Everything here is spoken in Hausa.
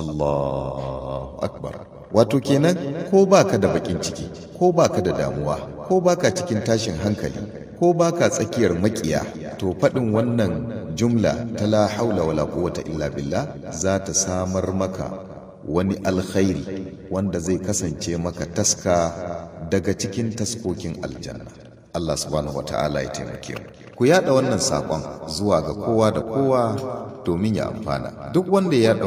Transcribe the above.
Allahu Akbar. Wato kenan ko baka da bakin ciki, ko baka da damuwa, ko baka cikin tashin hankali, ko baka tsakiyar makiya, to faɗin wannan jumla ta la haula wala quwwata illa billah za ta samar maka wani alkhairi wanda zai kasance maka taska daga cikin taskokin aljanna. Allah subhanahu wa ta'ala ya taimake mu. Ku yada wannan saƙon zuwa ga kowa da kowa domin ya amfana duk wanda ya